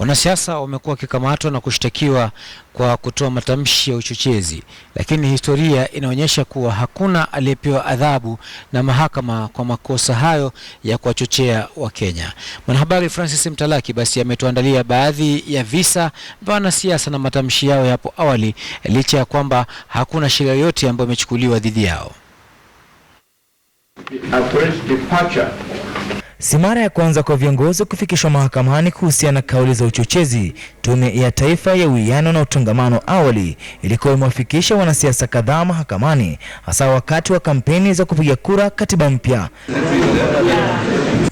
Wanasiasa wamekuwa wakikamatwa na kushtakiwa kwa kutoa matamshi ya uchochezi, lakini historia inaonyesha kuwa hakuna aliyepewa adhabu na mahakama kwa makosa hayo ya kuwachochea Wakenya. Mwanahabari Francis Mtalaki basi ametuandalia baadhi ya visa vya wanasiasa na matamshi yao ya hapo awali, licha ya kwamba hakuna sheria yoyote ambayo imechukuliwa dhidi yao. Si mara ya kwanza kwa viongozi kufikishwa mahakamani kuhusiana na kauli za uchochezi. Tume ya Taifa ya Uwiano na Utangamano awali ilikuwa imewafikisha wanasiasa kadhaa mahakamani, hasa wakati wa kampeni za kupiga kura katiba mpya.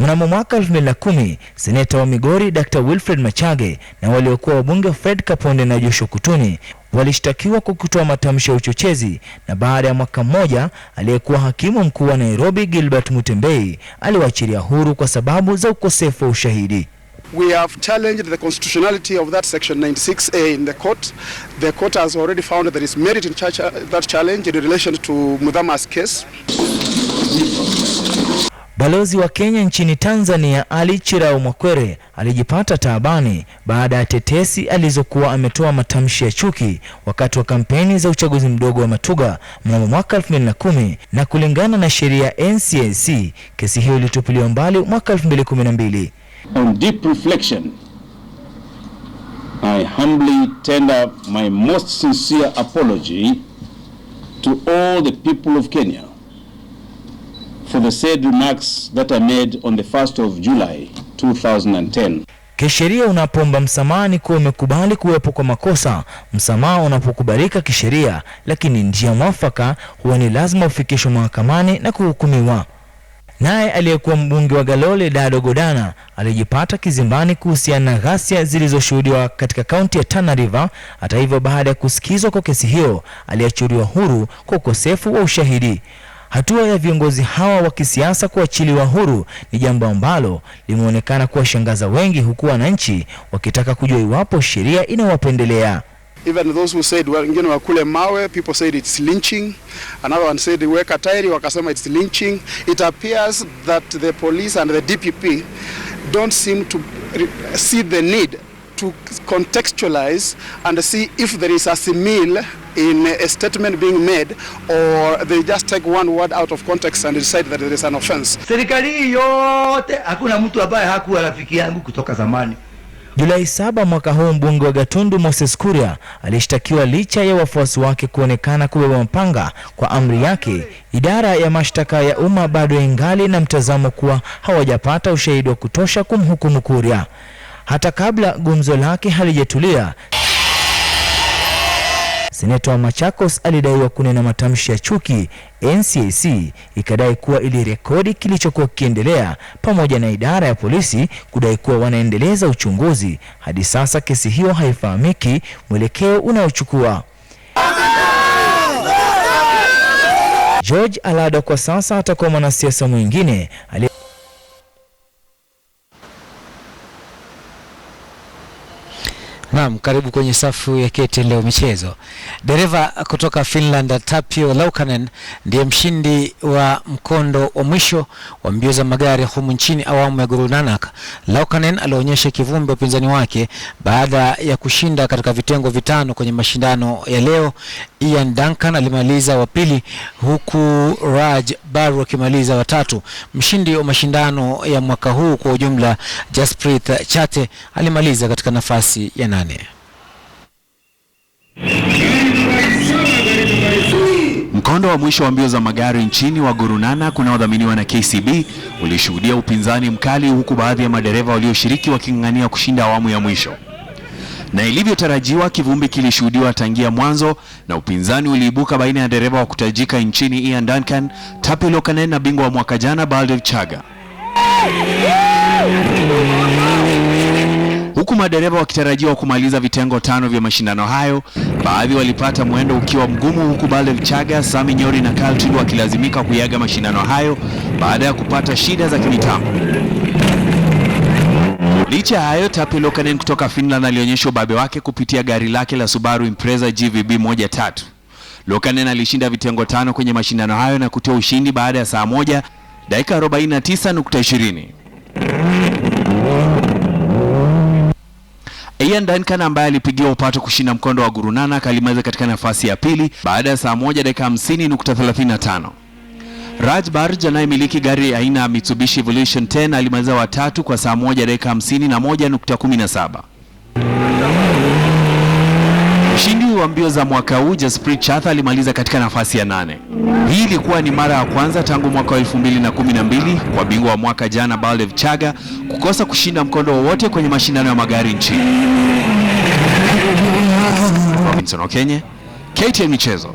Mnamo mwaka 2010 seneta wa Migori Dr. Wilfred Machage na waliokuwa wabunge Fred Kaponde na Joshua Kutuni walishtakiwa kwa kutoa matamshi ya uchochezi, na baada ya mwaka mmoja aliyekuwa hakimu mkuu wa Nairobi Gilbert Mutembei aliwaachilia huru kwa sababu za ukosefu wa ushahidi. We have challenged the constitutionality of that section 96A in the court. The court has already found that there is merit in that challenge in relation to Mudhama's case. Balozi wa Kenya nchini Tanzania Ali Chirau Mwakwere alijipata taabani baada ya tetesi alizokuwa ametoa matamshi ya chuki wakati wa kampeni za uchaguzi mdogo wa Matuga mnamo mwaka 2010 na kulingana na sheria ya NCIC kesi hiyo ilitupiliwa mbali mwaka 2012. On deep reflection, I humbly tender my most sincere apology to all the people of Kenya for the said remarks that are made on the 1st of July 2010. Kisheria unapoomba msamaha ni kuwa umekubali kuwepo kwa makosa. Msamaha unapokubalika kisheria, lakini njia mwafaka huwa ni lazima ufikishwe mahakamani na kuhukumiwa. Naye aliyekuwa mbunge wa Galole Dado Godana alijipata kizimbani kuhusiana na ghasia zilizoshuhudiwa katika kaunti ya Tana River. Hata hivyo, baada ya kusikizwa kwa kesi hiyo, aliachiliwa huru kwa ukosefu wa ushahidi. Hatua ya viongozi hawa wa kisiasa kuachiliwa huru ni jambo ambalo limeonekana kuwashangaza wengi, huku wananchi wakitaka kujua iwapo sheria inawapendelea. Even those who said wengine wakule mawe, people said it's lynching. Another one said weka tairi, wakasema it's lynching. It appears that the police and the DPP don't seem to see the need to contextualize and see if there is a simile in a statement being made or they just take one word out of context and decide that there is an offense. Serikali yote hakuna mtu ambaye hakuwa rafiki yangu kutoka zamani. Julai saba mwaka huu mbunge wa Gatundu Moses Kuria alishtakiwa licha ya wafuasi wake kuonekana kubeba mpanga kwa amri yake. Idara ya mashtaka ya umma bado ingali na mtazamo kuwa hawajapata ushahidi wa kutosha kumhukumu Kuria hata kabla gumzo lake halijatulia. Seneta wa Machakos alidaiwa kunena matamshi ya chuki. NCIC ikadai kuwa ilirekodi kilichokuwa kikiendelea, pamoja na idara ya polisi kudai kuwa wanaendeleza uchunguzi. Hadi sasa kesi hiyo haifahamiki mwelekeo unaochukua. George Alado kwa sasa atakuwa mwanasiasa mwingine Naam, karibu kwenye safu ya kete leo michezo. Dereva kutoka Finland Tapio Laukanen ndiye mshindi wa mkondo wa mwisho wa mbio za magari humu nchini awamu ya Guru Nanak. Laukanen alionyesha kivumbi upinzani wake baada ya kushinda katika vitengo vitano kwenye mashindano ya leo. Ian Duncan alimaliza wa pili huku Raj Baru akimaliza wa tatu. Mshindi wa mashindano ya mwaka huu kwa ujumla, Jasprit Chate alimaliza katika nafasi ya nane nane. Mkondo wa mwisho wa mbio za magari nchini wa Gurunana kunaodhaminiwa na KCB ulishuhudia upinzani mkali, huku baadhi ya madereva walioshiriki waking'ang'ania kushinda awamu ya mwisho. Na ilivyotarajiwa kivumbi kilishuhudiwa tangia mwanzo, na upinzani uliibuka baina ya dereva wa kutajika nchini Ian Duncan, Tapi Lokanen na bingwa wa mwaka jana Baldev Chaga huku madereva wakitarajiwa kumaliza vitengo tano vya mashindano hayo. Baadhi walipata mwendo ukiwa mgumu, huku Baldev Chaga, Sami Nyori na Kaltin wakilazimika kuyaga mashindano hayo baada ya kupata shida za kimitambo. Licha ya hayo, Tapio Lokanen kutoka Finland alionyesha ubabe wake kupitia gari lake la Subaru Impreza GVB 13. Lokanen alishinda vitengo tano kwenye mashindano hayo na kutoa ushindi baada ya saa moja dakika 49.20. Ian Duncan ambaye alipigiwa upato kushinda mkondo wa Guru Nanak alimaliza katika nafasi ya pili baada ya saa moja dakika 50.35. Raj Barj anayemiliki gari aina ya Mitsubishi Evolution 10 alimaliza watatu kwa saa moja dakika 51.17. Mshindi wa mbio za mwaka huu Jasprit Chatha alimaliza katika nafasi ya nane. Hii ilikuwa ni mara ya kwanza tangu mwaka wa 2012 kwa bingwa wa mwaka jana Baldev Chaga kukosa kushinda mkondo wowote kwenye mashindano ya magari nchini. Robinson Okenye, KTN Michezo.